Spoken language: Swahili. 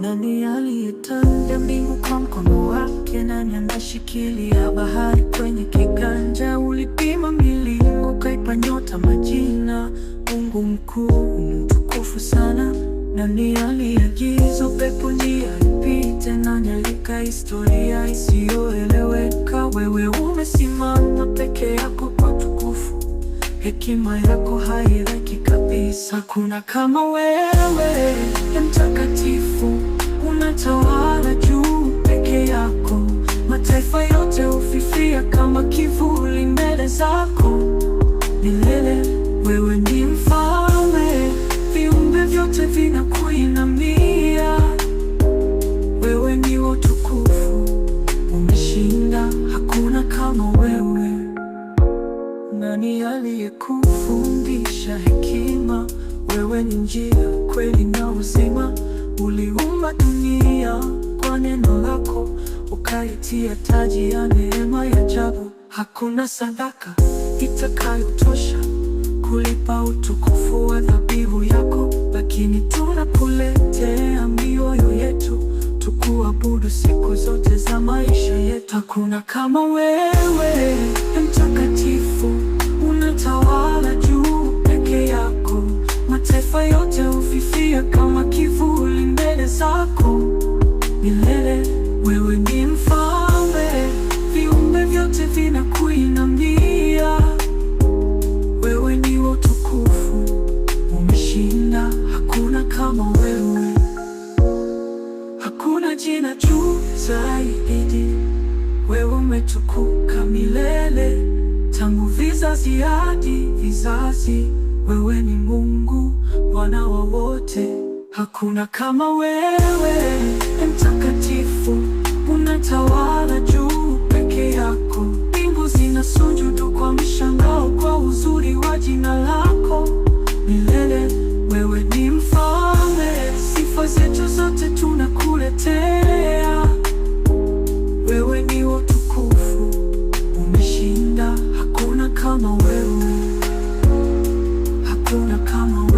Nani aliitanda mbingu kwa mkono wake? Nani anashikilia bahari kwenye kiganja? Ulipima milima ukaipa nyota majina. Mungu mkuu, mtukufu sana. Nani aliagiza upepo njia ipite? Nani aliandika historia isiyoeleweka? Wewe umesimama peke yako Hekima yako haiweki kabisa, kuna kama wewe, mtakatifu unatawala Nani aliyekufundisha hekima? Wewe ni njia, kweli na uzima. Uliumba dunia kwa neno lako, ukaitia taji ya neema ya ajabu. Hakuna sadaka itakayotosha kulipa utukufu wa dhabihu yako, lakini tunakuletea mioyo yetu tukuabudu siku zote za maisha yetu. Hakuna kama wewe, Mtakatifu. milele. Wewe ni mfalme, viumbe vyote vinakuinamia. Wewe ni wa utukufu, umeshinda. Hakuna kama wewe, hakuna jina juu zaidi. Wewe umetukuka milele, tangu vizazi hadi vizazi. Wewe ni Mungu Bwana wa wote. Hakuna kama wewe, ee Mtakatifu, unatawala juu peke yako. Mbingu zinasujudu kwa mshangao kwa uzuri wa jina lako. Milele wewe ni mfalme, sifa zetu zote tunakuletea. Wewe ni utukufu, umeshinda. Hakuna kama wewe, hakuna kama wewe.